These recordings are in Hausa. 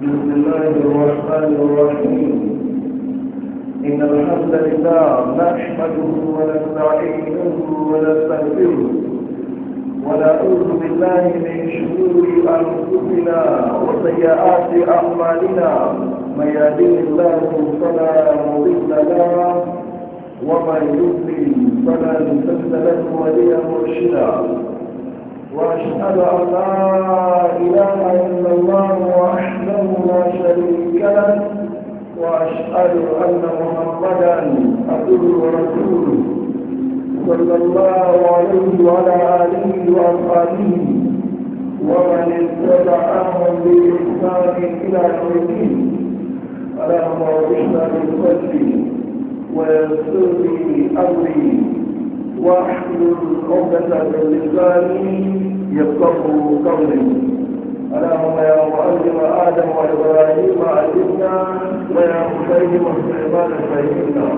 بسم الله الرحمن الرحيم إن الحمد لله نحمده ونستعينه ونستغفره ونعوذ بالله من شرور أنفسنا وسيئات أعمالنا من يهده الله فلا مضل له ومن يضلل فلا تجد له وليا مرشدا وأشهد أن لا إله إلا الله وحده لا شريك له وأشهد أن محمدا عبده ورسوله صلى الله عليه وعلى آله وأصحابه ومن اتبعهم بإحسان إلى يوم الدين اللهم اشهد بصدري ويسر لي أمري واحلل عقدة لساني يفقهوا قولي اللهم يا معلم آدم وإبراهيم علمنا ويا مسيب سليمان فهمنا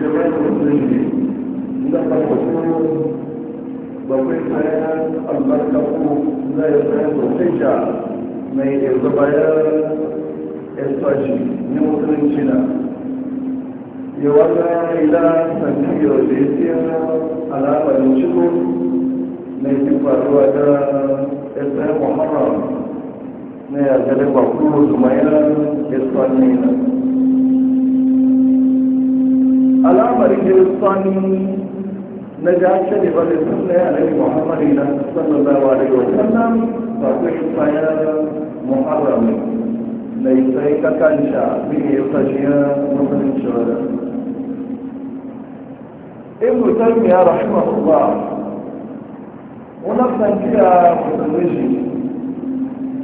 جميع المسلمين إنك الحكم بقيت بيان المركب لا يفهم الحجة من الزبيان الفجر من مسلمين yi wata ila da ya siya alamarin ciko na yi faruwa da ɗaya muhammadu na yarda da kwakwuru zumayen isfanina alamarin isfanina na dace da ba da sunna ya nabi muhammadu na sallallahu alaihi wa sallam ba ku shi fayar muharram na yi sai kakanta bin ya fashiya musulunci wadanda ابن تيمية رحمه الله ونفسا كده متدرج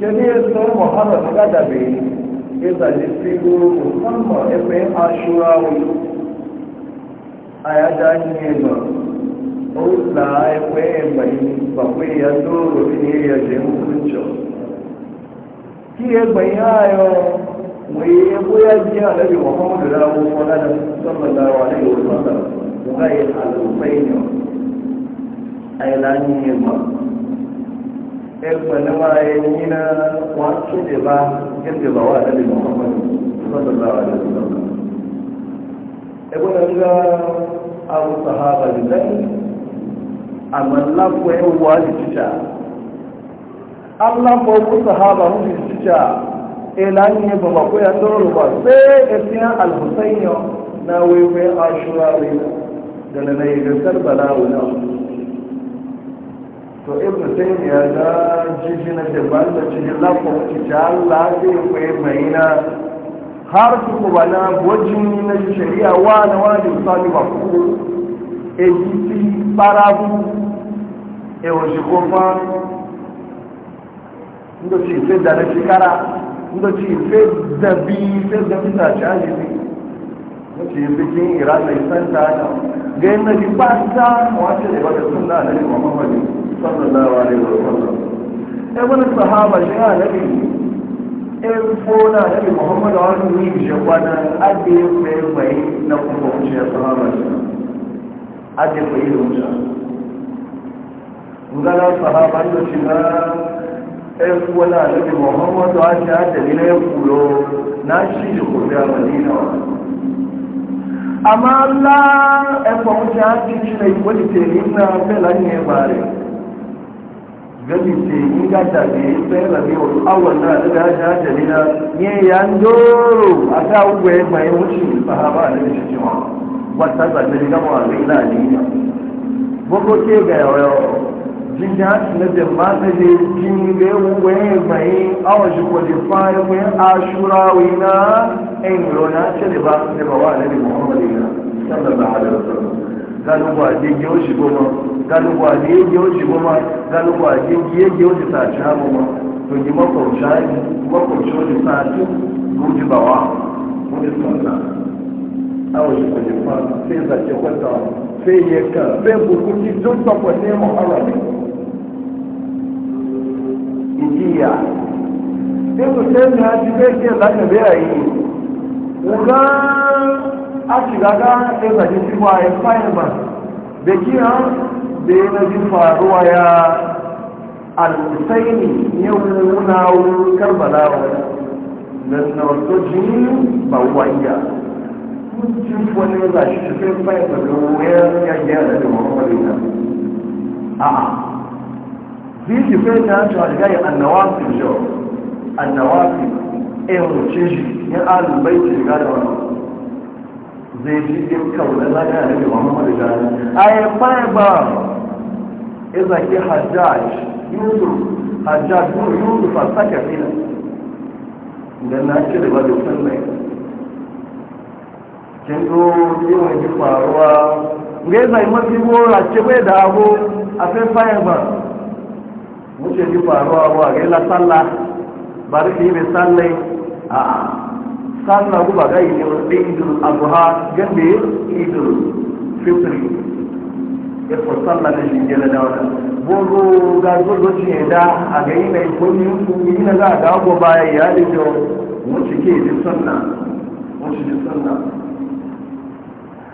جميل سيد محمد الأدبي إذا جسيبوا مصنع ابن عاشوراء أيادان يدر أولا ابن بين بقية دور في يجيب كنجو كي ابن آيو ويبو يجيب محمد الله صلى الله عليه وسلم غير الحسين أي لانهما إخوة نما يمينا وكذبا كذبا وعلى محمد صلى الله عليه وسلم ابن أو صحابة لله أما الله فهو والد Allah ko ku sahaba mun ji ta elan ne ba ko ya doro ba sai efiyan al-husayn na wewe ashura wewe da na yi gasar balawu na to ibn tayyib ya ga jijina da banda cikin lafa wacce ta Allah zai kwaye bayina har su kuma na gwajin na shari'a wa na wa da misali ba ku egiti barabu e shi kofa inda ce sai da na shekara inda ce sai da bi sai da bisa ci ajiyar mace bikin iran mai santa ta ga yin nabi bata wace ne ba da suna na ne muhammadu sallallahu alaihi wa sallam e wani sahaba shi ya nabi e fona nabi muhammadu wani ne bi shekwana ade mai mai na kuma wuce ya sahaba shi ade mai da wuce ngana sahaba da shi na ẹ̀kùn náà lórí mọ̀hánwọ́n tó á ṣe àtẹ̀lẹ́lẹ́ kúrò náà ṣíjù kò fẹ́ àmàlẹ́ náà amma Allah ɗan wuce haƙi shi ne wani teyi na felan ne bare gani yi ga tabi sai rabi wasu awon na daga jajali na ne ya ndoro a ta ugwe mai wuce sahaba da shi cewa wata zanne ga mawa zai na ne boko ke ga yawa jikin né, na jama na je kin ga wani mai awa shi ko je fa ya wani ashura wina en rona ce da ba da ba wa nabi muhammad ina sallallahu alaihi wasallam galu ba je ge shi goma galu ba je ge shi goma galu ba je ge ge shi ta ci ha goma to ji makwabta makwabta shi ta ci ruji bawa mutum sallallahu awo ìpèlè fún ijiya ibn taymiya ya ji zai ce zaka biya yi kuma a shiga ga sai ba ji cewa ya ba da kiya da ya na ji faruwa ya al-husaini ya wuna karbala nan na wasu jini ba wanya mutum wani ya zashi shi sai fayar da ruwa ya gyara da mafarina a'a bíjì fẹ́ ta ń tọ́ àdìgáyé annawafi jọ shi, ẹ̀hùn cíjì ní alùbẹ́ ìtìrìgá da wọn zai ji ɗin kawai lagaya da yawan mara gani a yi ba. iza ki hajjaj yusuf hajjaj kuma yusuf a sake fila da na ci da ba da mai. kin zo yawan ji faruwa ngai zai mafi gora ce bai da abu a fai ba. muke ji faruwa ruwa ga la sallah ba da yi sallai a sallah ku ba ga yi ne idul abuha gande idul fitri ya ko sallah da shi gele da wannan bogo ga gogo ci da a ga yi mai kunni ku yi na ga ga go baya ya da jo mu cike ji sunna mu ji sunna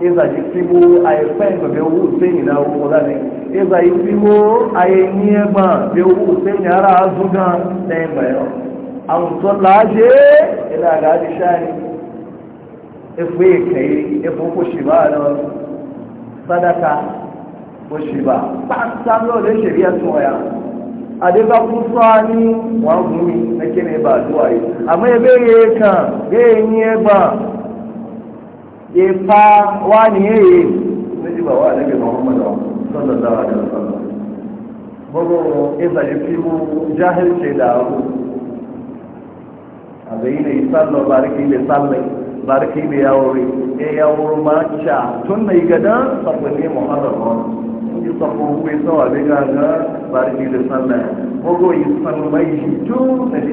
iza ji fibo a yi fain ba bai wu sai ni na wu da ne iza yi fibo a yi niye ba bai wu sai ni ara azuga na yi bayo an so laje ina ga ji shani ifu yi kai ifu e ko shi ba na sadaka ko shi ba ba san lo da shari'a soya adeba kusa ni ya fa wani ya yi na ji ba wa nabi muhammadu sallallahu alaihi wasallam bugu iza ya fi mu jahilce da abu a zai ne sallar bariki ne sallar bariki ne ya wuri ya e, ya wuri maca tun na yi gada sabbin ne muhammadu wani yi sabbin kuwa sawa bai gaga bariki da sallar bugu yi sallar mai shi tun na ji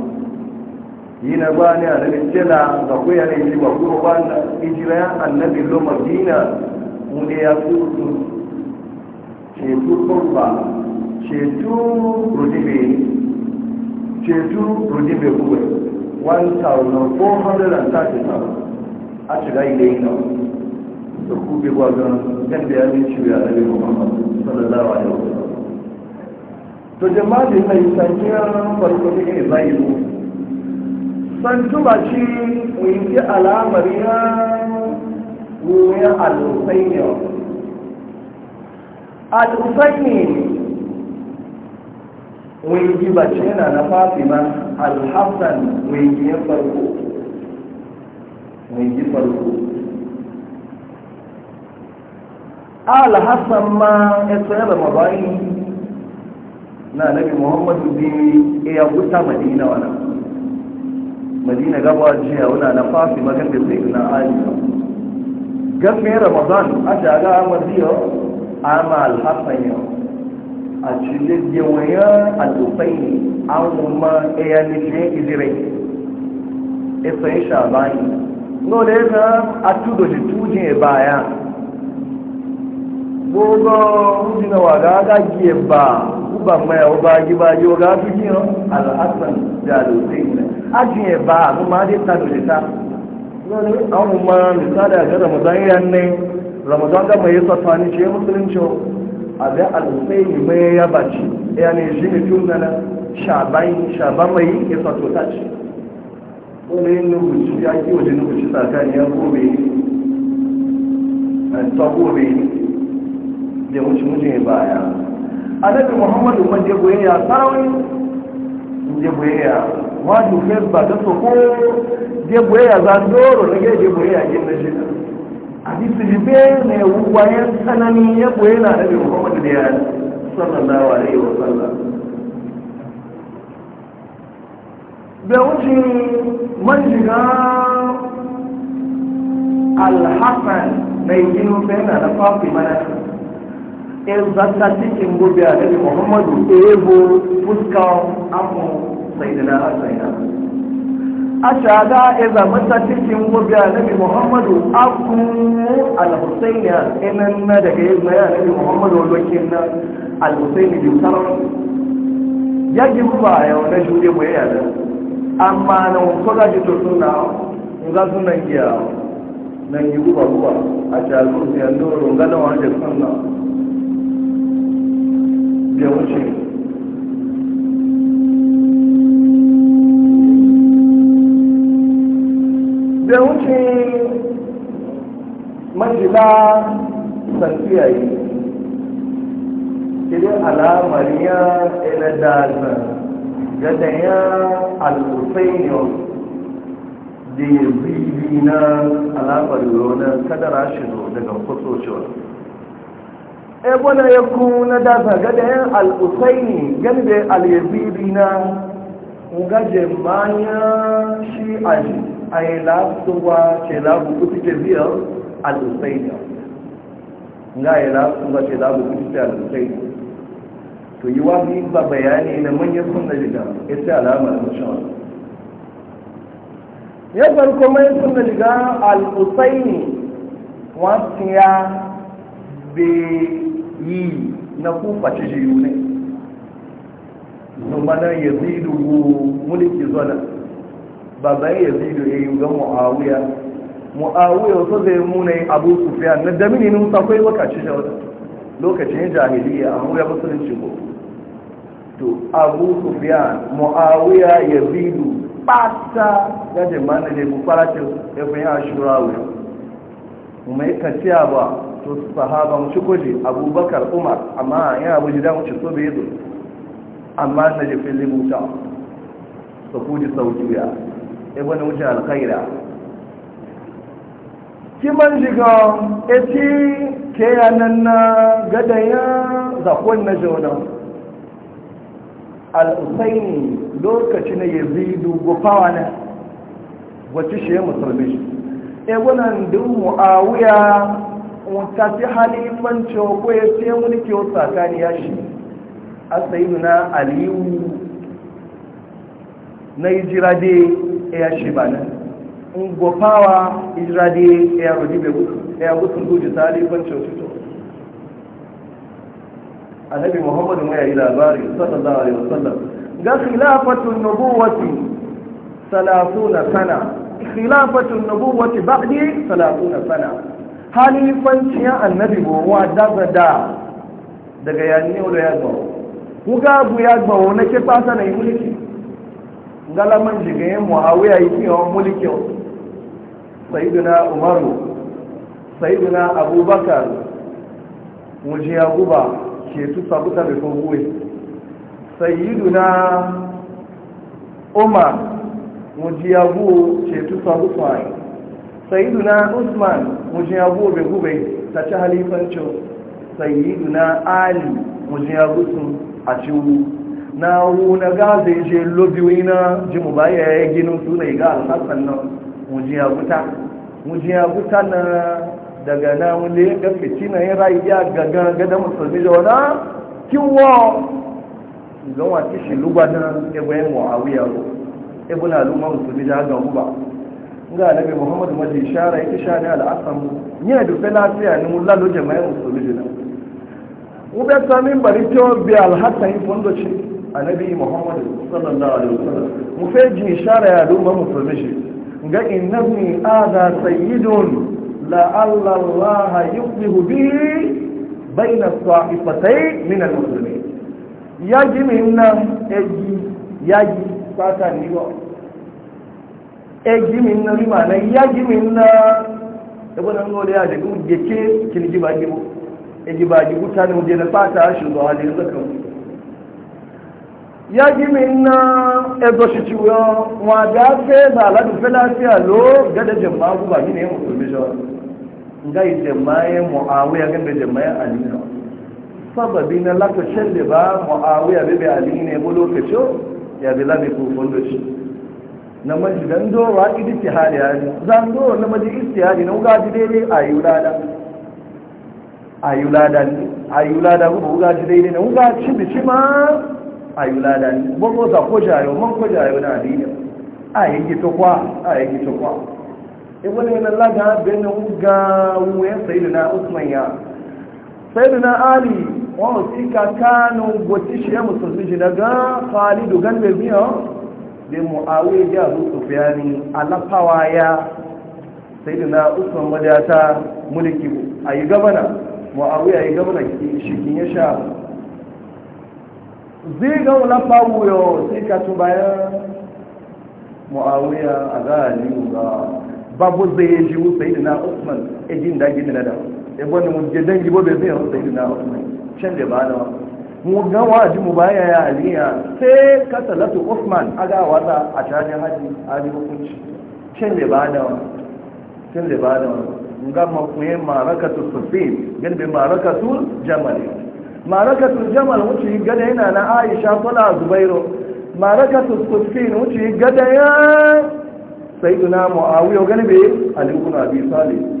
yi na ba a nan tela ga kuya ne ba kuma ba na ijira annabi lo madina mu ne ya tutu cetu kurba cetu rudibe cetu rudibe kuwa 1437 a shiga ile yi nawa da kube gwagon yan da ya yi ciwo a nabi muhammadu sallallahu alaihi wasallam to jama'a da mai sankiyar farko ne zai yi ban tuba shi yi alamar ya wuya al-husaini al-husaini wuyi bace na na fatima al-hassan wuyi ya farko wuyi farko Alhassan ma ya tsaye da mabayi na nabi muhammadu bi ya wuta madina wani. madina gaba jiya wuna na fasi magan da sai na ali gafe ramadan a shaga amadiyo a alhassan yau a cikin yawaya a tufai an kuma iya nishin izirai isa yi shabani no da a tudo shi tujin baya gbogbo ọdún náà wà gáàgá jí yi gbogbo àmọ́ ẹ̀ ọba ajíbájí ọgá fíjì hàn alhassan jàdó sèǹtẹ̀ ájì ẹ̀bà àwọn adi dé tàbí lẹ́ta lórí àwọn ọmọ nìsáàdà àgbẹ̀ ramadan yà ní ramadan gama yẹ sọ́tọ̀ ní ṣe musulunci àbẹ́ alùsẹ́yìn mẹ́ yà bàjì ẹ̀yà ní ṣe ní tun nana ṣàbáyìn ṣàbámayì yẹ sọ́tọ̀ tàjì lórí nubuci ya kí òjì nubuci sàkà ní da wuce mutum ya a annabi muhammadu man je goyayya sarawai je goyayya wajen fes ba ta soko je goyayya za doro na gaje goyayya yin na shida a bisu libe ne wayan tsanani ya goye na annabi muhammadu da ya sallallahu alaihi wa sallam da wuce man shiga alhassan mai gino sai na da fafi mana in zata cikin gobe a daga muhammadu ebo fuska amu sai da na'azaina a shaga in zamanta cikin gobe a daga muhammadu akunu al-husainiya inan na daga yin na yanayi muhammadu wadokin na al-husaini jutar ya ji kuma yau na jude mu yaya da amma na wasu gaji to suna ga sunan giya Na yi guba guba a shagun siyan doron ganawa da suna ya wuce da wuce majila yi idan alamariya ya ila dazan da ya zibi na alamar yana kadara shi daga kusur e ebona ya ku kuna dasa gada yan al'usaini gani da al'yazidi na ngaje manya shi aji a yi lasuwa ce lagu kuti ke biyar al'usaini nga yi lasuwa ce lagu kuti ke al'usaini to yi wa fi ba bayani na manyan sunna jiga alama alamar mashawar ya farko mai sunna jiga al'usaini wasu ya bai yi na kufa ci jiyu ne numana ya zidu mulki zana baban ya zidu ya yi ga mu'awiya mu'awiya wasu zai muna yi abu sufiya na damini nun sakwai wakaci shawar lokacin jahiliya a mura musulunci ko to abu sufiya mu'awiya ya zidu ɓata ya jimana da ya bukwaracin ya fi yin ashura wuyan mai kaciya ba to sahaba mu ci kuji abubakar umar amma yana buji da mu ci so bai zo amma na ji fili buta su kuji ya juya e ibn wuce alkhaira kiman shiga eti ke yanan na gadaya zakon na jona al-usaini lokaci na yazidu gufawa na wacce shi ya musulmi shi egunan din mu'awiya mutafi halifanci ko ya ce mulki wasu tsakani ya shi a na aliyu na ijirade ya shi ba nan in gofawa ijirade ya rudibe ya gutsun duji ta halifanci wasu to annabi muhammadu ya yi labari sallallahu alaihi wasallam ga khilafatun nubuwati 30 sana khilafatun nubuwati ba'di 30 sana Hali halifanciyar annabi gowa daga da daga yanni da ya gbawo kuka bu ya gbawo na ke fata na yi mulki galaman jigayen muawiya yi fi yawan mulkin sayiduna umaru sayiduna abubakar mujiya guba ke tusa buta mai kogoyi sayiduna umar mujiyabu ce tufa usman usman mujiyabu ta ci halifancin sayyiduna ali mujiyabu sun a ciwu na wuna gaza je lobiwi na jimu baya ya ginin suna ga alhassan nan mujiyabu ta mujiyabu ta na daga na wule ga fitina ya rayu ya gaga gada musulmi da wana kiwo ga wata shi lugba na ebe muawiya ko ibn al'umma musulmi da hagan huba ga nabi muhammadu maji shara ya kisha ne al'asam ya dufe lafiya ni mulla lo jama'a musulmi jina ube samin bari to bi in alhassan fundoci annabi muhammadu sallallahu alaihi wasallam mu fe ji shara ya al'umma musulmi shi ga innabni adha sayyidun la'alla allaha yuqbihu bi bayna as-sa'ifatayn min al-muslimin ya jimin nan eji ya ji bata ni ba e, e na rima na ya na ebe na nole ya daga kin giba gibo e giba gibo ta ne muje na bata shi ya e na edo shi ciwo wa fe ba e, la du lafiya lo ga da jama'a ku ba ni ne mu ga yi muawiya ga da jama'a na lako shelle ba muawiya bebe alina ne bo lokacin ya bi lami ko fondo shi na maji dan do wa idi ti hali hali zan do na maji istihari na uga ji daidai ayulada ayulada ni ayulada ko uga ji daidai na uga ci bi ci ma ayulada ni bon ko za ko jayo man ko jayo na adina ayi ki to kwa ayi ki to kwa e wala na laga ben uga we sayyidina usman ya sayyidina ali wọn si ka kanu gwati shi ya musulmi shi daga khalidu gan da biyo da mu'awiya da abu sufyani alafawa ya sayyidina usman madata mulki ayi gabana mu'awiya ayi gabana shi kin ya sha zai ga alafawo yo sai ka tu bayan mu'awiya a ga aliyu babu zai ji sayyidina usman ejin da gidana da ya gwani mun je dangi ba bai zai hau sai na usman can da ba mu ga waji mu baya ya aliya sai ka salatu usman aga wata a tajin haji ali hukunci can da ba da wa can da ba da wa ga makuye marakatu sufin gan marakatu jamal marakatu jamal wuce gada yana na aisha tola zubairu marakatu sufin wuce gada ya sayyiduna muawiya gani bai ali ibn abi salih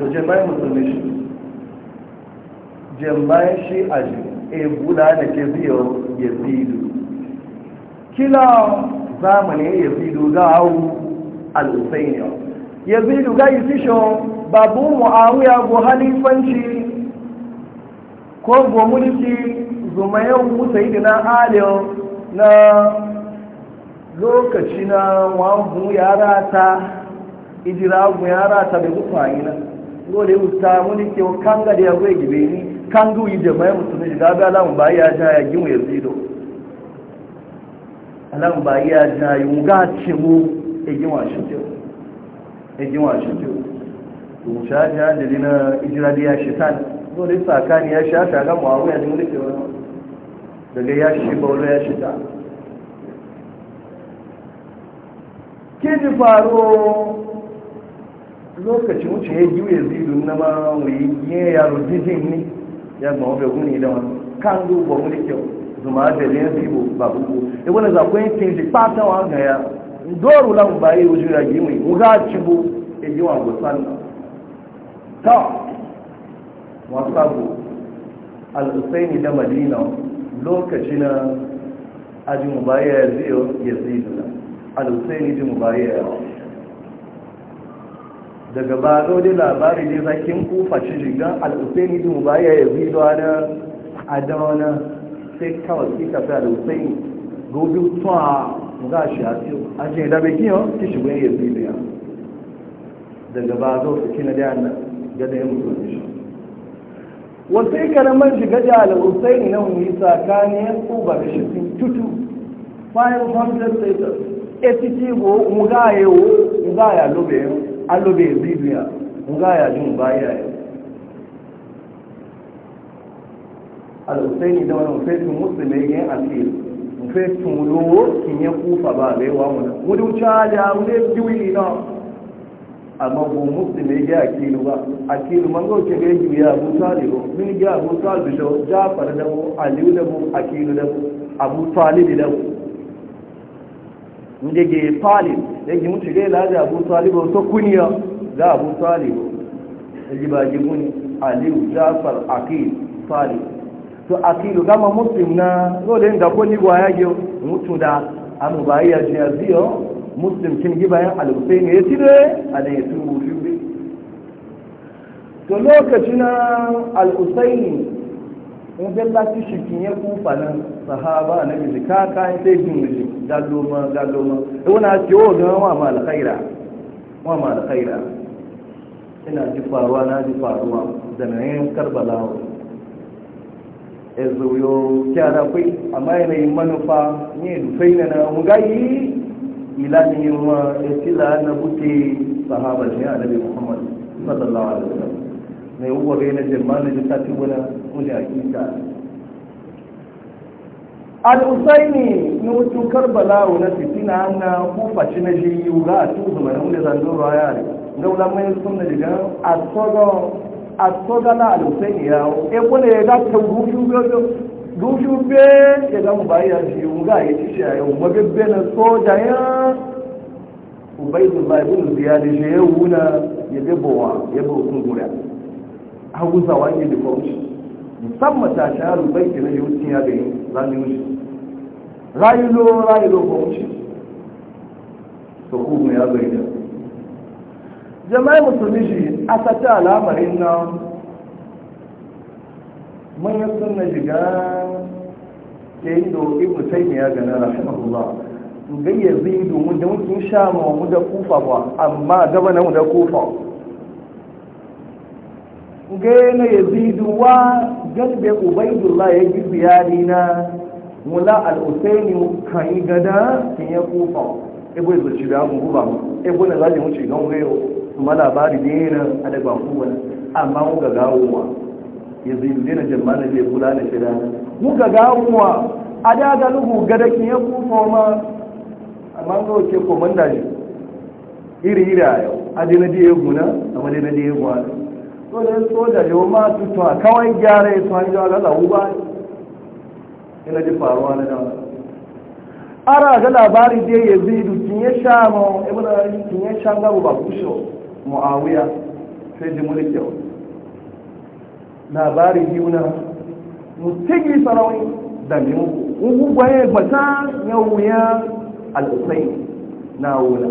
to jama'in musulmi shi jama'in shi a ji e buda da ke biyo ya zidu kila zamani ya zidu ga hau al-husaini ya zidu ga isisho babu mu'awiya go halifanci ko go mulki zumayen musa yi na aliyo na lokaci na wabu yara ta ijira gu yara ta da mutane na ngole uta muni ke kanga da yagwe gibeni kangu ije mai musulmi da ga alamu ba ya ja ya gimu yazido alamu ba ya ja yu ga ce mu e gimu shute e gimu shute mu sha ja da dina ijira da ya shitan ngole sakani ya sha sha ga muawiya da mulki wannan daga ya shi baulo ya shita kiji faro lokaci wuce ya wuyar zidu na yi wuyi ya yaro jijin ni ya gbọ́n ọbẹ̀ wuni da wani kan ló wọ kyau zuma da lẹ́yìn sí ibò ba buku ya e wani zakwai yin ji pátá wa ga ya dóòrù láwọn báyé ojú ya yi mai wọ́n gáà yi bó èyí wọn gbọ́ sánà tó wọn sábò da madina lokaci na aji mubayar zai ya zidu na usaini ji mubayar yawon daga ba zo da labari ne zakin kufa ci shiga al'usaini din ba ya yi zuwa adana adawana sai kawai ki tafi al'usaini gobe tuwa ga shi a ce a ce da bai kiyon ki shigo ya yi ya daga ba zo su kina da yana gada ya mutu da shi wasu ikaramar shiga da al'usaini na wuni tsakanin kuba da shi sun tutu 500 status etiti go yi wo ya lobe yau allo bai zidu ya nga ya jin baya ya al-husaini da wani mufetun musulmi yin asir mufetun lowo ki ya kufa ba bai wa wani wani wuce ya wani biyu na amma bu musulmi ya akilu ba akilu man ke wuce gai juya abu talibu min ga abu talibu da jafar da mu aliyu da mu akilu da mu abu talibi da mu inda ke talib da ke mutu gai laji abu talib wasu kuniya ga abu talib da ji ba aliyu jafar akil talib to akilu gama muslim na dole da ko ni gwaya ge mutu da amu ba ya ji aziyo muslim kin gi bayan al-husayn ya tire ada ya tubu fi to lokacin al-husayn in da lati shi kin kufa nan sahaba na bi kaka sai jin galoma galoma wani a ce o gama wa ma alkhaira wa ma alkhaira ina ji faruwa na ji faruwa da na yin karbala ya zuyo kyara kwai amma yanayin manufa ne dufai na na mugayi ilanin ma ya tila na buke sahaba ne a nabi muhammad sallallahu alaihi wasallam mai ne bai na jirma na jisa tibuna wani akita al'usaini na wucin karbala na fitina na kufaci na jiyu ga a cikin zuma na wunde zandon raya ne gaula mai sun na jiga a tsoga na al'usaini ya hau e kuna ya gata rushu be ya mu bayi ya jiyu ga ya ci shi a yau mabibbe na soja ya ubaidun bai bin ziyadi shi ya wuna ya bebowa ya bebo kungura hausawa da dikwanci musamman ta shi haru bai ke na yi ya da yi zan yi rayulo rayulo ko wucin to kuma ya bai da jama'i musulmi shi a sata al'amarin nan manyan sun na shiga ke yi da ibn taimiyya ga na rahimahullah gayyazi domin da mutum sha ma mu da kufa ba amma gaba na mu da kufa gane ya ziduwa galibin ubaidullah ya gizu yari na mula al'usaini kan yi gada kan ya kufa ibu izu shi da mu ba ibu na zaje wuce don wayo kuma labari da yana adaba kuwa amma mu ga gawowa ya zidu na jama'a da kula da shida mu ga gawowa a da lugu gada kan ya kufa ma amma ga wace komanda shi iri iri a yau a dina da ya guna amma dina da ya gwana dole soja yau ma tutu a kawai gyara ya tuwa jawa gaza ba ina ji faruwa na jawa ara ga labari da ya zai dukin kinye sha ma sha ba kusho muawiya sai ji mulki yau labari biyu mutigi sarawai da ne ugu gwaye ya wuya al'usai na wula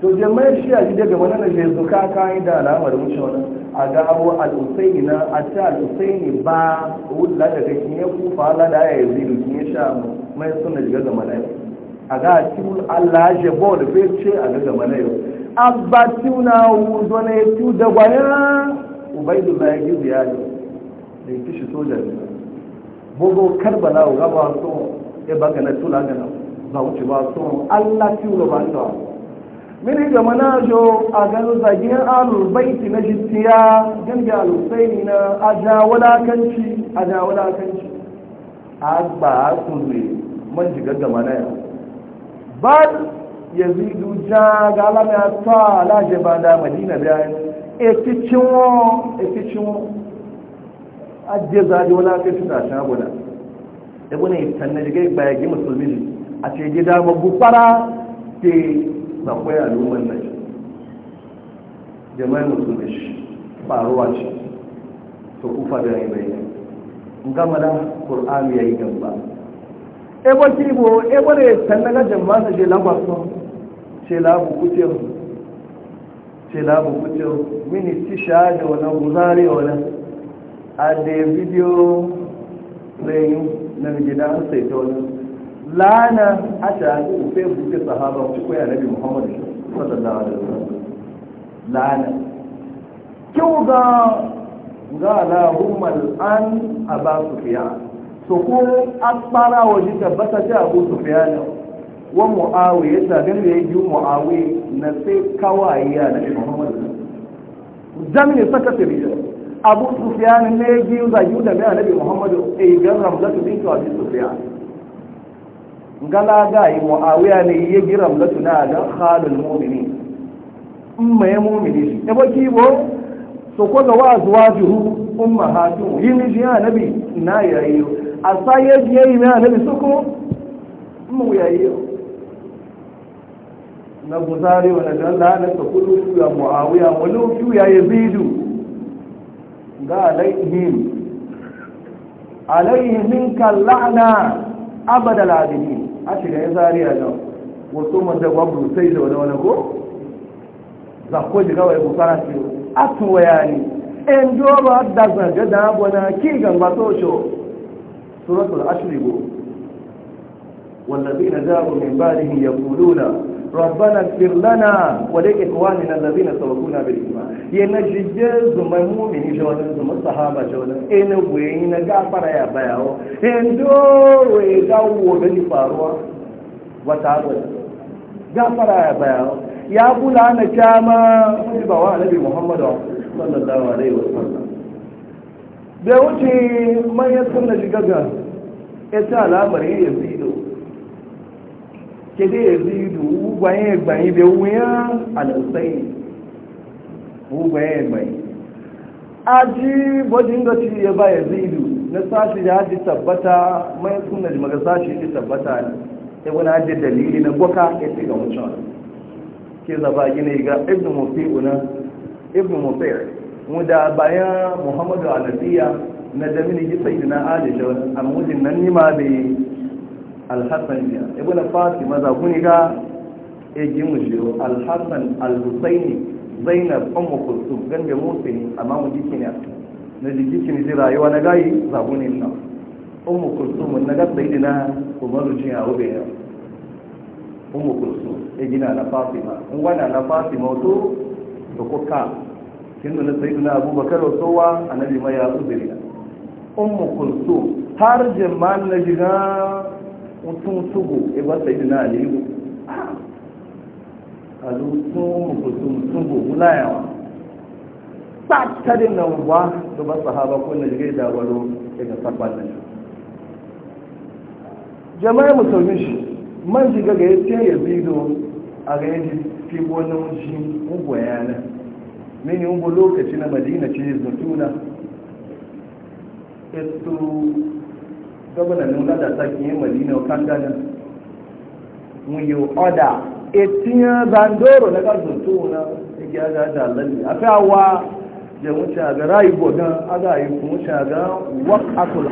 to jama'a shi a jide ga wani na jesu ka kayi da alamar wuce a ga abu al'usaini na a ta al'usaini ba wula daga kinye kufa lada ya yi zilu kinye sha mai suna jiga ga malayo a ga tiwul allah ya bol ce a ga ga malayo abba tiwuna wuzo ne tiw da gwaya ubaidu ya gizu ya yi da ya kishi soja ne bugu karbala ga ba so ya baga na tula ga na ba wuce ba so allah tiwula ba ta mini ga manajo a ganin zagin alubaiti na jitiya gangi alubaini na aja wadakanci aja wadakanci a ba a zai man shiga ga manaya e e ba ya zidu ja ga alamya ta alaje ba da madina da bayan ekicinwo ekicinwo ajiye zaji wadakanci na shaguna ibu ne tannaji gai bayagi musulmi a ce gida magbukpara ke na kwaya al'ummar na shi jama'i musulmi shi faruwa ce to kufa da ya yi bayan gama da ƙur'ani ya yi gamba ebo kibo ebo da ya canna ga jama'a sa ce labarsu ce labu kucin ce labu kucin mini tisha da wani guzari wani a da ya bidiyo na gida sai ta wani lana hata ku fe buke sahaba ku koya nabi muhammad sallallahu alaihi wasallam lana kyau ga ga humal an aba sufyan so ko akbara waje tabbata ta abu sufyan wa muawiya ta ga ne ji muawiya na sai kawai ya nabi muhammad zamani saka tirija abu sufyan ne ji zagi da annabi muhammad ai garam da su bi to abu sufyan gala yi mu'awiya ne ya giram latu na da halin mumini in mai mumini shi ya baki bo so ko ga wazu wajuhu umma hatu yi ni jiya nabi na yayi a sai ya yayi yi na nabi su ko mu yayi na buzari wa na Allah na ta kullu su ya mu'awiya wa lu su ya yazidu ga alaihim alaihim minka la'na abadal abidin a shiga ya zariya nan wasu mata gwamnu sai da wani wani ko za ko ji kawai ku fara ce a tuwa ne in doba da zaga da abuwa ki gamba tosho suratul ashribu والذين جاءوا من بعدهم يقولون ربنا اغفر لنا ولإخواننا الذين سبقونا بالإيمان ينجي زمان مؤمن جوانا زمان صحابة جوانا إن وين غفر يا بياو إن دور ويغاو وغني فاروا وتعالوا غفر يا بياو يا أبو لانا كاما ويبوا نبي محمد صلى الله عليه وسلم بيوتي ما يسمى sun na shiga ga ita kede yazidu ugwaye gbayi be wuya al-husayn ugwaye gbayi aji bojin da ci ya ba yazidu na sashi ya ji tabbata mai sunna da maga sashi ne tabbata ne ebe wani haji dalili na gwaka ya ce ga mutum ke zaba gina ga ibn mufi'u na ibn mufi'u mu da bayan muhammadu alaziya na damini gisa idina aji da nan nima bai alhassan ya ibn fatima za ku ne ga egi mujiyo alhassan alhussaini zainab ummu kulsum gan da musini amma mu jiki ne na jiki ne ji rayuwa na gayi za ku ne na ummu kulsum na ga sayyidina kuma jin a ube ya ummu kulsum egi na na fatima in wana na fatima to da ko ka kin na sayyidina abubakar sowa annabi mai ya uzuri ummu kulsum har jama'an na jigan mutum tugu e ba sai dina aliyu a ah! lutun não tugu mulayawa tsakarin nan wa da ba sahaba ko na jigai da waro daga sabbatin jama'a musulmi shi man shiga ga yace ya bido a ga yaji fi wani shi ugu yana mini ugu lokaci na madina ce zutuna governor nuna da sakin yin madina wa kan dáná mu yi oda etinye zandoro na karfin tuna ike aga da lalli a fiyawa da wuce ga rayu gogan aga yi kuma wuce ga wakatul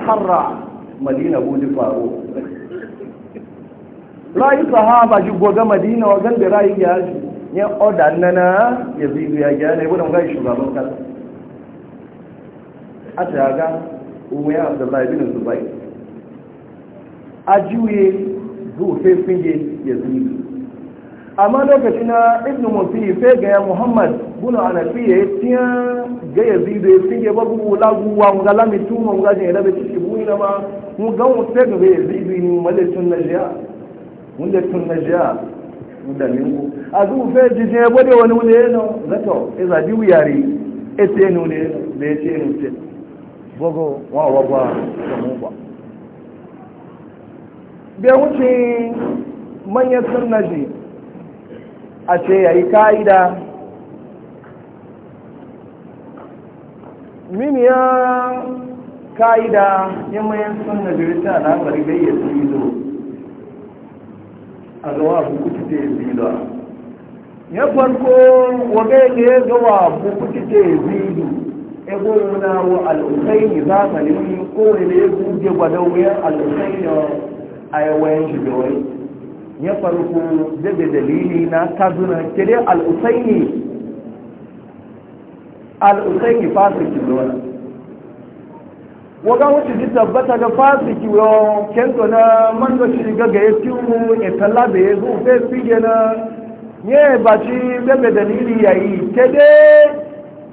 madina faro rayu sahaba ji goga madina wa ganda rayu ya ji ya oda nana ya zidu ya gyara ya wudan gai shugaban kasa a ta ga umar abdullahi bin zubai ajiye zuwa sai ya zuwa amma lokaci na ibn mufi sai ga ya muhammad bunu anafi ya tiya ga ya zido ya finge ba gugu laguwa mu ga tuma mu ciki ma mu ga mu sai ga ya zido ni male tun na jiya mun da tun na jiya mun da lingu a zuwa ya jijin ya bode wani wule yana zato ya zabi wuyari ya e tiya ne wule ya ce ne wule wa wa ba da mu ba bai wuce manyan sunna shi a ce ya yi ka'ida mini ya ka'ida ya manyan sunna jirita na bari bai ya zilo a gawa hukuki ta ya zilo ya farko waga ya gawa hukuki ta ya zilo ego na wa al'usaini zamanin kowai da ya guje gwadawiyar al'usaini a shugabai shi wai ya farko daga dalili na kaduna kire al'usaini al'usaini fasiki da wani waga wuce ji tabbata ga fasiki yau kento na manzo shiga ga ya mu, ya talla da ya zo fai fige na ya yi baci daga dalili yayi kede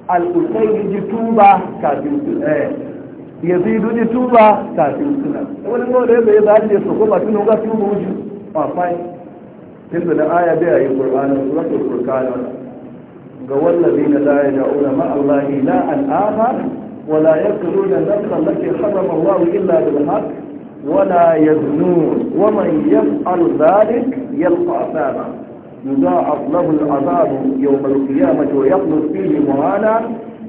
al'usaini ji tuba kafin su eh. ya zai duji tuba kafin suna wani kawai da ya zaje su kuma tun ga tuba wuce mafai tun da aya bai a yi ƙur'anin suratul furqan ga wallazi na la ya'una ma Allah la al'ama wala yaquluna nafsan lati harrama Allah illa bil haqq ولا يزنون ومن يفعل ذلك يلقى عذابا يضاعف له العذاب يوم القيامة ويخلد فيه مهانا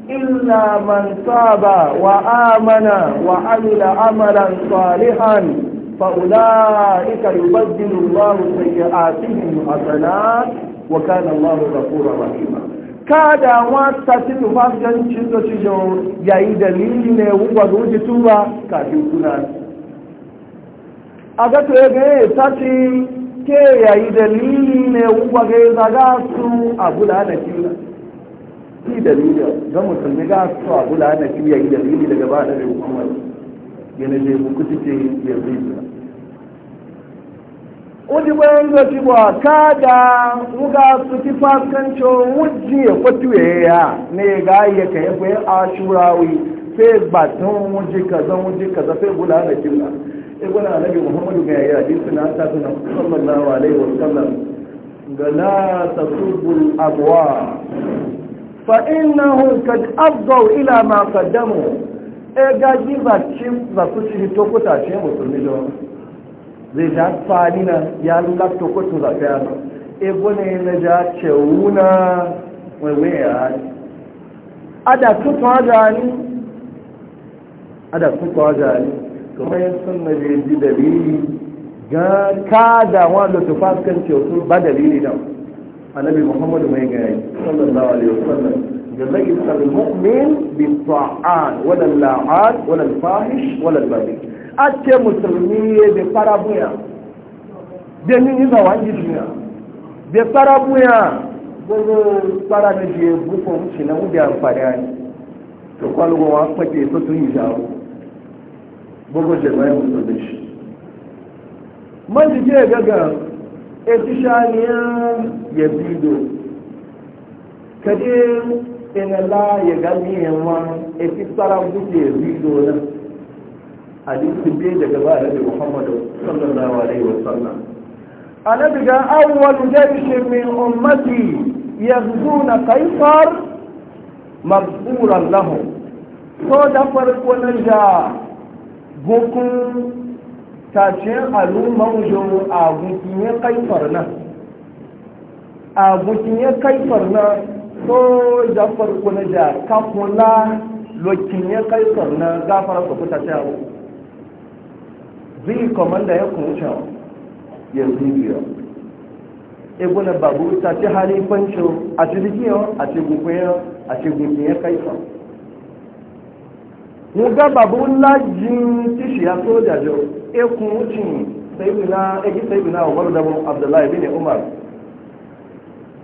إلا من تاب وآمن وعمل عملا صالحا فأولئك يبدل الله سيئاتهم حسنات وكان الله غفورا رحيما kada wata cikin fasikan cinto cikin yayi dalili ne wuwa da wuce tuba kafin kuna a ga to ya gaya ta ce ke yayi dalili ne wuwa ga zaga su abu da kila shi dalilin don musulmi ga su a bula na shi yayi dalili daga ba da bai hukumar yana zai muku cike yin ya zuwa wani bayan zafi ba ka da wuga su ti faskanco wujji ya kwatu ya ya ne ga ya ka ya fi ashurawi sai batun wuji kaza wuji kaza sai bula na shi e, ba ibuna nabi muhammadu ga ya yi suna ta suna sallallahu alaihi wasallam ga la tasubul abuwa فإنهم قد أفضوا إلى ما قدموا إيجاجي باتشم باتشم توكو تاشم وتلميجون zai ja tsani na ya lafto kwatun zafi ya ebo ne na ja cewuna waiwai ya hali ada tutu ajali ada tutu ajali kuma yin sun na je ji dalili ga kada wanda tufa kan cewa ba dalili dan annabi muhammadu mai gaya sallallahu alaihi wasallam جزيء المؤمن بالطاعات ولا اللعان ولا الفاحش ولا البذيء أتى مسلمية بفرابويا بيني إذا وانجزنا بفرابويا gbogbo para méje búkọ̀ ń ṣe náà ń bí àǹfààní àní tó kọ́ ló wọ́n pẹ̀kẹ́ tó tún ìjà eti shaniyan ya bido kade inala ya gani yawa eti tsara buke ya bido nan hadisi bai daga ba da muhammadu sallallahu alaihi wasallam annabi ga awwal jayshin min ummati yaghzuna qaisar mabsuran lahum so da farko na ja gokun tashin al'umman joro a gukinye kaifar nan a gukinye kaifar nan so da farko na ja kakula lokinye kaifar nan gafara su fita ta yawo zai komanda ya kunce ya zubiya egwuna babu ta ci halifancin a cikin a cikin a cikin kaifar nga babu lajin tishi ya soja jo ekun wucin sayyidina egi sayyidina umar da abdullahi bin umar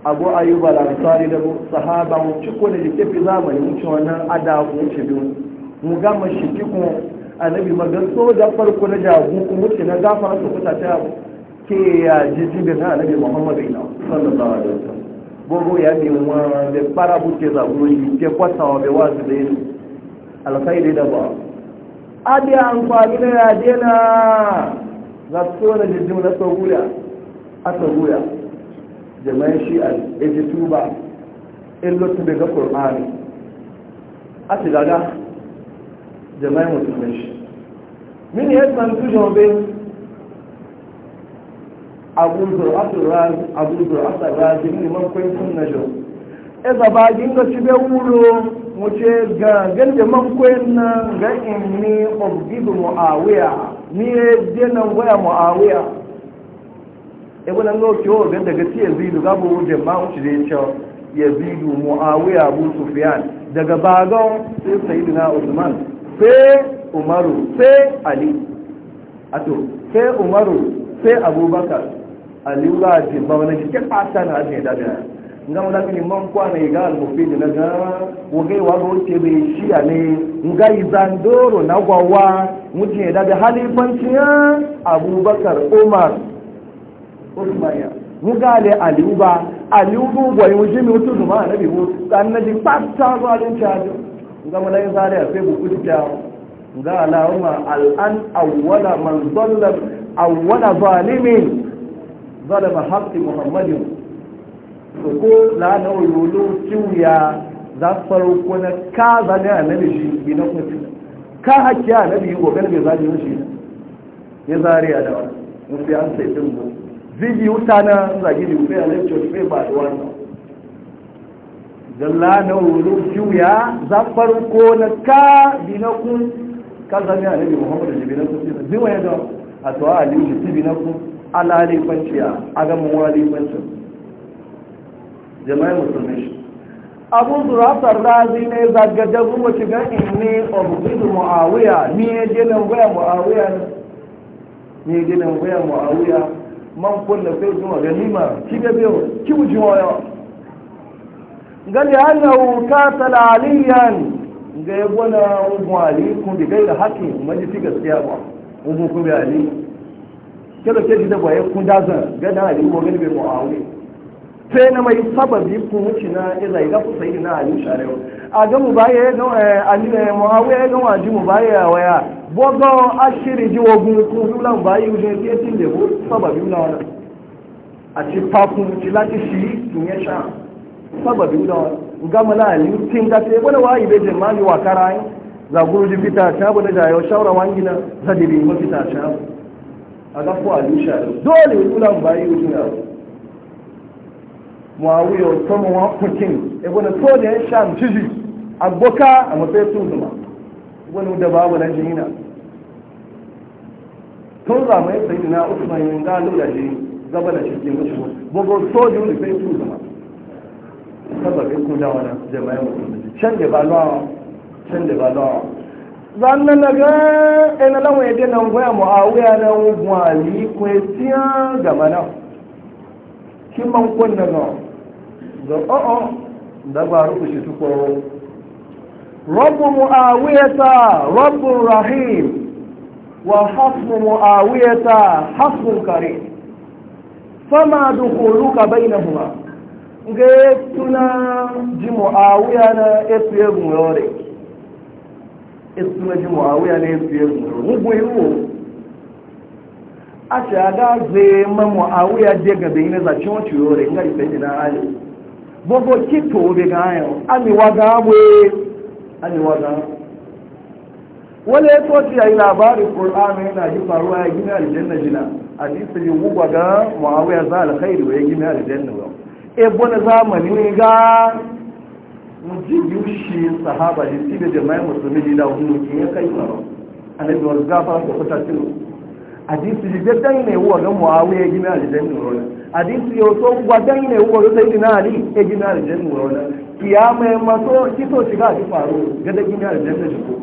abu ayyuba al-ansari da sahaba mu ciko da ke fi zamani mu ci wannan ada ku ci biyu mu ga ma shi ki ciko annabi magan soja farko na jagu ku mu ci na gafara su kuta ta ke ya jiji da na annabi muhammad sallallahu alaihi wasallam gogo ya bi mu da fara buke zagu ke kwata wa be wasu da yi alkhairi da ba adi amfani na yaje na za su so na jirgin na saguya a saguya jama'in shi a ejitu ba in lotu daga ƙur'ani a ti gaga jama'in musulmin shi min ya tsantu jombe abu zur'asar razi min man kwancin na jo e zaba ginga shi bai wuce ga ganda man koyin nan ga inni ubgidu muawiya ni je nan waya muawiya ibn Allah ke wa ganda ga tiye zidu ga wujen jama'a wuce da ya yazidu muawiya abu sufyan daga bagon sai sayyidina usman sai umaru sai ali ato sai umaru sai abubakar ali ga jibba wani ke fata na nga mulabi ni mankwa na iga almufidi na ga wage wa go ce shi ya ne nga izandoro na gwawa mutune daga halifanciya abubakar umar usman ya nga le aliuba aliubu boy wuje mi wutu ma na bi wo kan na di patta zalin chajo nga mulai za a sai buku ta nga al al'an awwala man dhalla awwala zalimin zalama haqqi muhammadin ko lana yolo kiwuya za farko na ka zane a nabi shi bi na kuma ka haƙƙi a nabi yi gobe bai zane shi ya zari a da wani sai an sai din mu zibi wuta na zagi ne bai a lecture bai ba da wani zalla na oyolo kiwuya za farko na ka bi na kun ka zane a nabi muhammadu shi bi na kuma ziwa ya da a to a aliyu shi bi na kun alalifanciya a gama walifanciya jama'i musulmi abu zura razi ne zagajen ruwa shiga inni obudu mu'awiya ni ya nan waya mu'awiya ni ya nan waya mu'awiya man kulle sai zuwa ganima ki ga biyo ki wuji waya gani yau ka aliyan ga ya gona ugun ali kun da gaira haƙƙi maji fi gaskiya ba ugun kuma ali kada ke ji da bayan kun dazan gada ali ko gani bai mu'awiya sai na mai sababi ku wuce na izai na ali a ga mu ya eh, ali ne eh, muawiya ya ga waji mu ya waya bogo ashiri ji ogun ku dula bayi uje ti tin de na wala a ci papu lati shi kin ya sha sababi na wala ga mala ali tin da te ibe je mali wa karai za guru ji fita bu da jayo wangina za dibi mu fita a ku ali muawiya tomo wa kukin ibn tole ya sham tiji agboka a matsayin tuzuma ibn daba babu na jinina tun zamanin sayyidina usman na galu da da shi ke mutu bugu soju da sai wani na ga ina lawan yadda nan goya muawiya nan gwali kwestiya gaba na. kí máa ń kó nàgà ga ọ̀ọ́ dabaru ku shi oh, oh. tukoro rabbu muawiyata rahim wa hasbu muawiyata hasbu karim fama na bainahuma nge tuna ji muawiya na esu egun yore ji muawiya na esu egun yore a ce a ga zai mamu a wuya je ga bai na zace wacce yore nga ife ni na hali gbogbo kito bai ga ayan amiwa ga abu amiwa ga wale to ti ayi labarin qur'ani yana ji faruwa ya gina aljanna jina hadisi ya gugwa ga muawiya za alkhairi wa ya gina aljanna wa e bona zamani ne ga mun ji yushi sahaba ji tibe jama'in musulmi da hukumin ya kai tsaro annabi wa gafa ko ta tilo hadisi jide dan ne wa ga muawiya gina aljanna wala hadisi yo so gwa dan ne wa ga sayyidina ali e gina aljanna wala kiyama ma so kito shiga ki faru ga da gina aljanna ko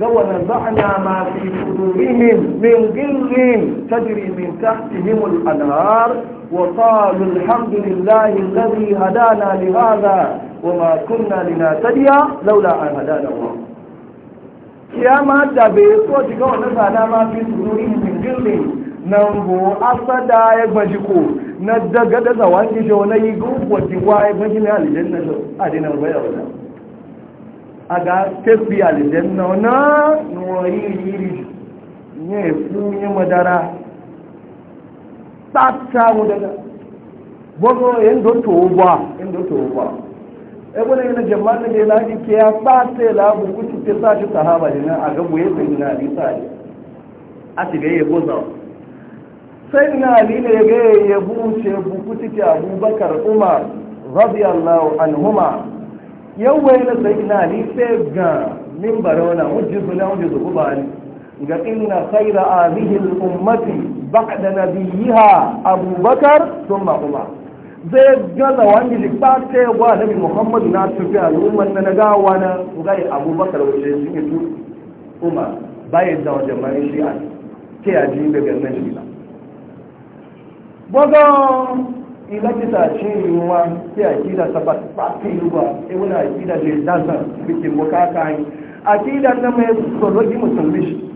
ga wa nazana ma fi sudurihim min ghillin tajri min tahtihim al-anhar wa hadana li hadha wa ma kunna linahtadiya lawla kiyama da bai so shiga wani tsada ma fi sururi ne, na ngo asada ya gbaji ko na daga da zawa ki jo na yi gugwa jiwa ya gbaji na aljanna jo a dinar baya wala a ga tafi aljanna na na nori yiri ne funye madara tsatsa mu daga bogo yan don to ba yan don to ba ebona yana jama'a da la ke ya ba sai la bu kuti ta sa shi sahaba ne a ga boye sai na ali sai a ti ga za sai na ali ne ga yebo ce bu ta abubakar umar radiyallahu anhuma yawai na sai na ali sai ga min barona wajin suna wajin zubu ba ni ga ina khayra azihi al-ummati ba'da nabiyha abubakar thumma umar zai gaza wani yi wa nabi muhammad na tafi al'ummar na naga wani gari abubakar wajen shi ne tu kuma bayan da wajen mai shi a ke a ji daga nan shi na baga ilakita ce wa ke a kida ta ba ta fi yiwuwa iwuna a kida da dasa bikin bukata yi a kida na mai tsorogi musulmi shi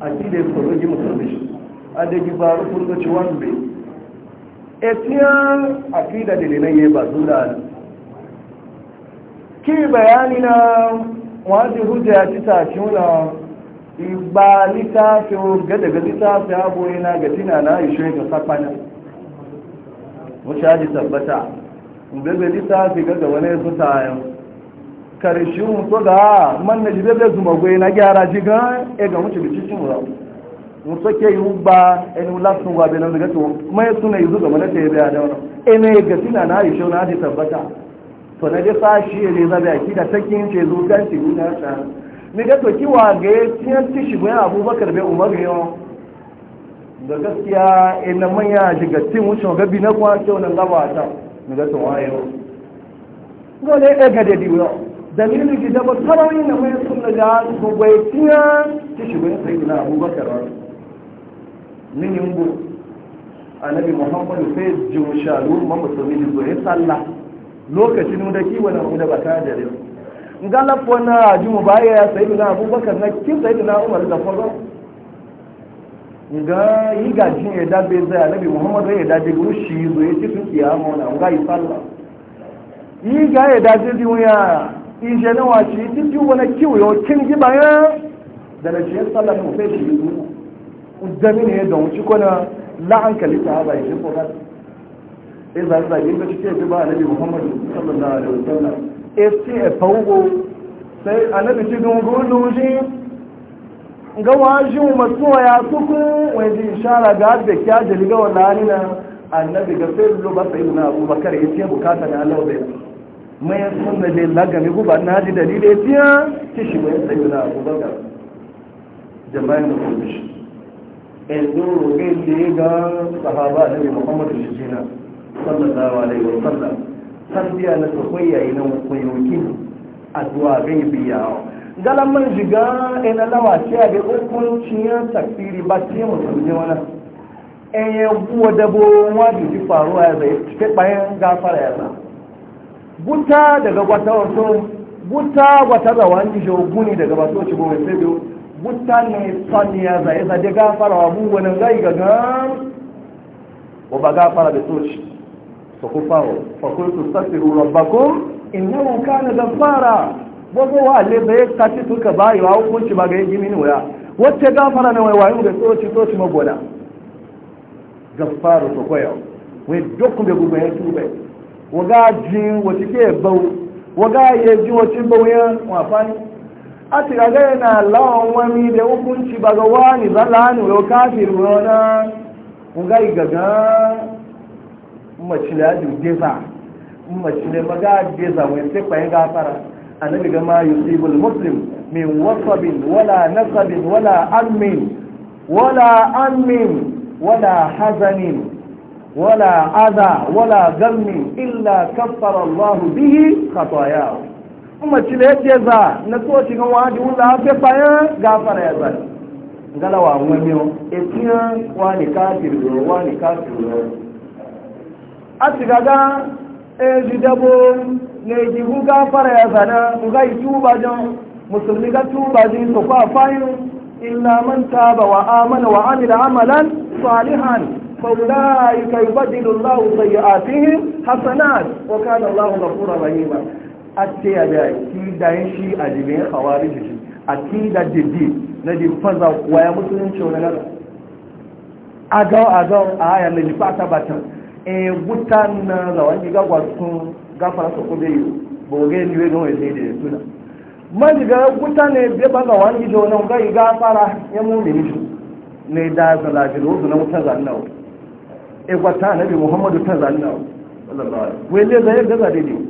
a kida tsorogi musulmi shi a da gibaru da ciwon bai etiyan akida da ya ba zuwa ne ki bayani na wajen hujja ya ci tashi wuna igba littafi gada ga littafi abuwa na ga tina na ishe ga sakwana wacce ya ji tabbata bebe littafi gada wani su tayan karshen mutu ga man na jibebe zumagwai na gyara jigan ga wuce bicicin wurau ke yi ba enu lasun wa benin daga to mai suna yi zuga mana ta yi biya da wani ene ga suna na yi na ta tabbata to na ga sashi ne zabe a kida ta kin ce zo kan ci guna ta ni ga to kiwa ga tiyan ci shi bayan abubakar bai umar yau da gaskiya ina manya daga wuce wucin gabi na kwa kyau nan gaba ta ni ga to wayo gole e ga da diwo dalilin da ba tarawih na mai sunna da bai tiyan ci shi bayan sai na abubakar ninyin bu nabi muhammadu sai jiwo sharu ma musulmi ji zo ya tsalla lokacin da wani abu da ba da rin galafo na ji mu baya ya sayi na abubakar na kin sayi na umar da fara ga yi ne ya dabe zai annabi muhammadu ya dabe shi zo ya ci sun kiyama mauna ga yi sallah? yi ga ya dabe duniya injiniya ce ji wani kiwo yau kin ji bayan da na shi ya sallah na mu sai shi yi uzami ne da wuce kuna la'an kalita ha ba ya shimfo ba sai eh, za su zage ga cike ji ba annabi muhammadu sallallahu alaihi wasallam e ce e fawo sai annabi ci dungu lushi ga wajin matuwa ya suku wani ishara ga da kya jeli ga wannan na annabi ga sai lo ba sai na abubakar ya ce bukata na Allah bai mai sunna da lagami guba na ji dalilai tiya ci shi mai sai na abubakar jama'a shi. yanzu bin da ya ga sahaba da ne muhammadu shishina sallallahu alaihi wa sallam tarbiya na su kwayayi na kwayoki a zuwa bai biya galan man shiga ina eh, lawa ce a bai hukunciyar takfiri ba ce musulmi wani in eh, ya buwa dabo wani ji faruwa ya zai cike bayan gafara ya buta daga wata wato buta wata da wani shogun daga wato ci gobe sai biyu mutane saniya za ya zaje gafara wa mu wani gai ga gan wa ba gafara da toshi fa ku fawo fa ku su safiru rabbakum innahu kana gafara bogo wa le bai kace tuka bayi wa hukunci ba ga yi mini waya wacce gafara na wayo da toshi toshi magoda gafaru to koyo we dokun da gugu ya tube waga jin wace ke bau waga ye jin wace bau ya wa fani Ati ti gaga yana lawan wani da hukunci ba ga wani zalani yau kafin rana ga gaga mace da deza mace da maga deza wani sai kwaye gafara annabi ga ma yusibul muslim min wasabin wala nasabin wala amin wala amin wala hazanin wala aza wala gammin illa kaffara Allah bihi khatayahu umarci da yake za na shi ga wani wula ta bayan gafara ya zai galawa wani etiyan wani kafir ne wani kafir ne a shiga ga eji dabo ne hu gafara ya zana ga yi tuba jan musulmi ga tuba jin su kwa fayin illa man taba wa amana wa amila amalan salihan فأولئك يبدل الله سيئاتهم حسنات وكان الله غفورا رحيما ce a da kidayen shi a jibin hawari da shi a kida jibbi na jibfan za wa ya musulunci wani nan a gawa a haya na jifa a tabbatar e wuta na zawon yi gwasun gafara su kube yi boge ni wai gawai sai da suna man diga gutan ne bai ba wani yi na wuga gai gafara ya mu mini shi ne da zalajiro su na wuta zannawa e gwata bi muhammadu ta zannawa wai zai zai gaza daidai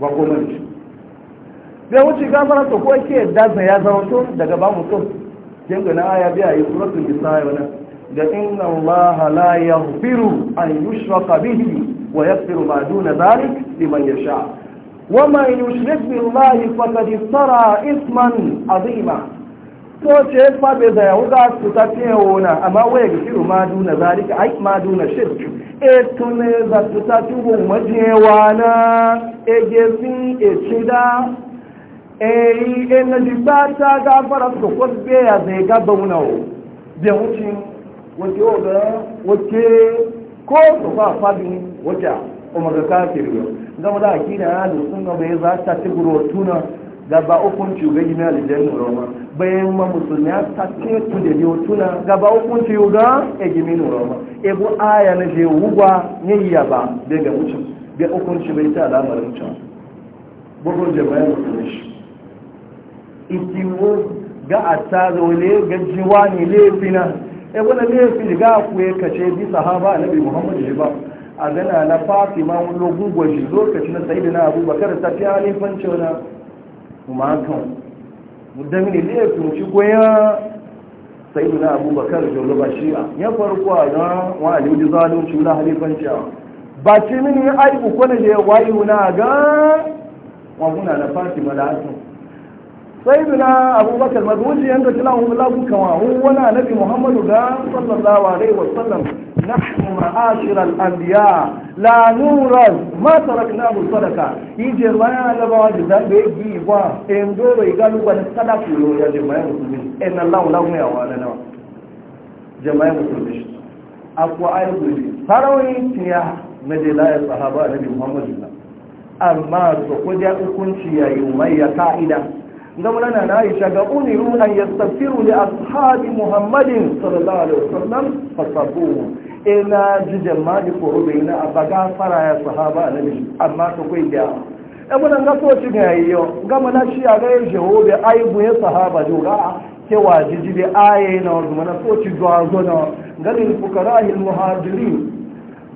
ba shi bai wuce gafara ta ko ake yadda ya zama to daga ba mutum kin na aya biya yi suratul nisaa wannan da inna allaha la yaghfiru an yushraka bihi wa yaghfiru ma duna dhalik liman sha. wa man yushrik billahi faqad iftara isman azima to ce fa bai ya wuga su ta wona amma waya gafiru ma duna zalika ai ma duna shirk etone zatuta tubu majewa na egefin ecida eyi enaji bata gafara sokos beya zai gaba wunawo da wuce wace oga wace ko su ba fadin wace umarga kafir yau zama da akina na da sun gaba ya za ta tiburo tuna da ba hukunci ga gina alijan roma bayan ma musulmi ya sake tu da biyu tuna gaba hukunci yau ga egimi nura ma ebo aya na je wugwa iya ba bai ga mutum bai hukunci bai ta alamar mutum bugun jama'a musulmi shi wo ga a ta zaune ga jiwa ne na ebo na laifi ga kuwa ce bi sahaba annabi muhammadu shi ba a gana na fatima wani gugwashi lokacin na sayi da na abubakar ta fi halifancin na kan mudan ne ya tunci goya sai na abubakar jolo bashira ya farko a na wa aliyu zalunci na halifanci ba ce mini aibu kwana da ya wayo na ga waguna na fatima da hasan sayyidina abubakar ba wuce yanda kila hu lagu kama hu wani annabi muhammadu ga sallallahu alaihi wa sallam nahnu ma'ashir al-anbiya la nuran ma tarakna mu sadaka yije baya na ba wa da be gi wa en do re galu wa sadaku yo ya jama'a musulmi en Allah la mu ya wala na jama'a musulmi akwa ayyubi sarawi tiya na de la sahaba annabi muhammadu amma su kuja hukunci yayi mai ya ka'ida زمنا نعيش أمروا أن يستغفروا لأصحاب محمد صلى الله عليه وسلم فصبوه إلى جزء يقولوا بينا أبقى فرع يا صحابة أما تقول يا أبنا نقول تنهي قام نشي أغير جهود بوية صحابة جوغا cewa jijibi aye na mana ko ci gwazo na ganin fukarahil muhajirin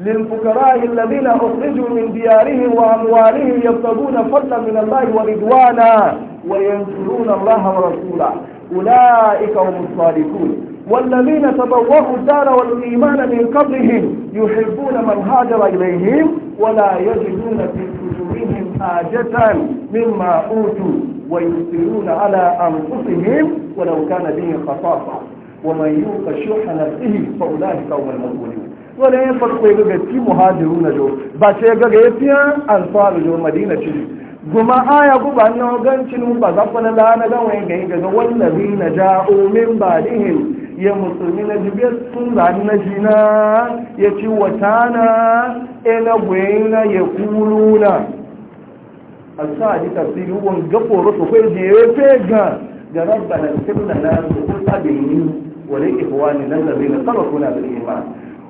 للفقراء الذين أخرجوا من ديارهم وأموالهم يبتغون فضلا من الله ورضوانا وينصرون الله ورسوله أولئك هم الصادقون والذين تبوأوا الدار والإيمان من قبلهم يحبون من هاجر إليهم ولا يجدون في صدورهم حاجة مما أوتوا ويؤثرون على أنفسهم ولو كان بهم خصاصة ومن يوق شح نفسه فأولئك هم المسؤولون wani ya farko ya gaga ti muhajiruna jo ba ce ya gaga jo madina ciki guma aya ba nan gancin ba za ku na lana ga wani gani daga wallazi na ja'o min ba'dihim ya musulmi na jibe sun zani na jina ya ci wata na ina e gwayina ya kuluna a sa ji tafsiri wọn gafo rufe kwai jefe ga ga rabba na sirna na su kusa da yi wani ne na zabi na sabakuna da iman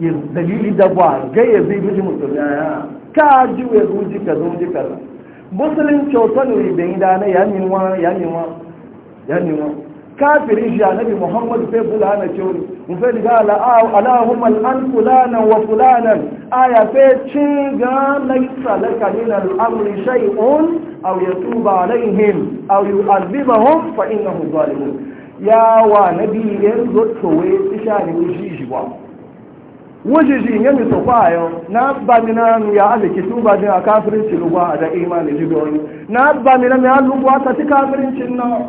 dalili da ba gaya ya zai miji musulmi ka ji wa ruji ka ji ka musulun kyautar ne bai da na ya niwa ya niwa ya niwa kafirin shi annabi muhammad sai fulana ce wani mu sai daga alahum al'an fulana wa fulana aya sai ci ga laisa laka min al'amri shay'un aw yatuba alaihim aw yu'adhibahum na innahum zalimun ya wa nabi yanzu to we isha ne shi shi ba wujiji ya mi sofa yau na ba mi na ya aliki tuba din a kafirinci lugwa a da imani jibiyoni na ba mi na ya lugwa ta ci kafirincin na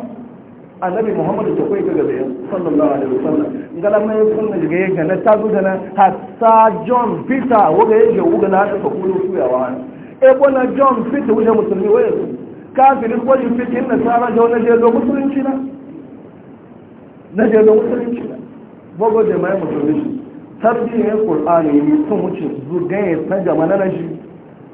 annabi muhammadu ta kai gaba gabe sallallahu alaihi wasallam ngala mai sunna daga yake na ta zuga na hatta john peter wanda yake wuga na ta kulo suyawa e bona john peter wuce musulmi waye kafirin gwajin fitin na tsara da wani jelo musulunci na na jelo musulunci na bogo jama'a musulunci tafsirin qur'ani ne sun wuce zuga ya san jama'a na shi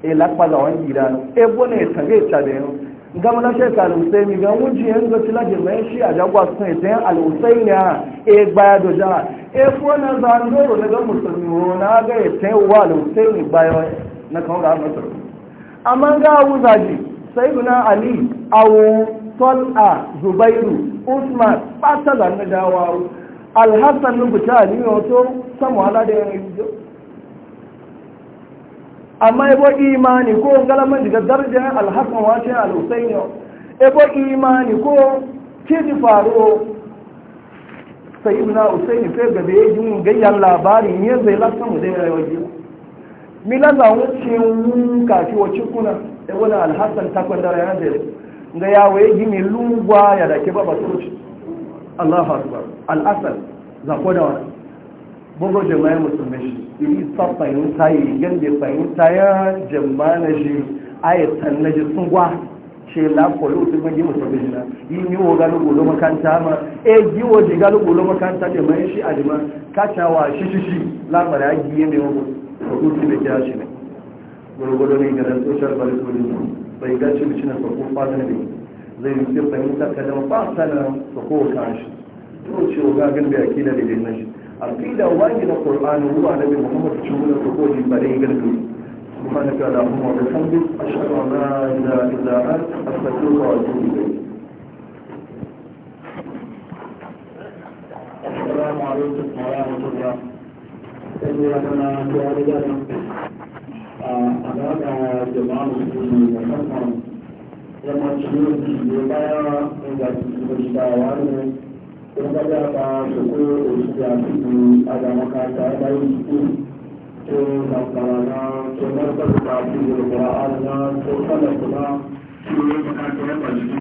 e lakpa wani gida no e ya tage da yau gama na shekaru al'usai mi ga wuce yan ga tila mai shi a jagwa sun ta yan a usaini gbaya e baya na zaa e bona zandoro daga musulmi na aga ya wa al'usai usaini baya na kan ga amma ga sai guna ali awu tol'a zubairu usman fata da alhassan rubuta aliyu to samu ala da yana yujo amma ebo imani ko galaman daga darajar alhassan wace yau ebo imani ko kiji faro sai na usaini fe gabe ya jin gayyar labarin yin zai lasa mu zai rayuwa mila za mu ce kafi wa ebo na alhassan takwandara yana ga lungwa ya ba ba Allah akbar al'asar za ko da wani bugu jama'a musulmi shi iri sa fahimta yi yadda fahimta ya jama'a na shi ayatan na ji sun gwa ce la kolo da magi musulmi e shi na yi yi wa gano gulo makanta ma e yi wa ji gano gulo makanta mai shi a jima kacawa shi shi shi lamara ya giye ne wa gulo su da kira shi ne gwargwado ne ga ran social value bai gaci mutum na farko fata ne زي مدير قيمتا كده مطار سنة فقوه كعش تقول شو قاقل بأكيدة للنجد أقيدة واجد القرآن هو على نبي محمد تشوهنا فقوه جباري قلبي سبحانك على أمه وبالحمد أشهر ما إلا إلا أنت أستطيع وأتوب إليك السلام عليكم ورحمة الله وبركاته. أنا أنا آه، آه، جماعة المسلمين من مصر. yammacinyoyi ne baya inda cikin shawa ne kun gaja ba su ko osu ya fito a ga makata da yi su ke kankara na ke markar da su yi da ƙura'an na ko kada kuma su yi makata ya masu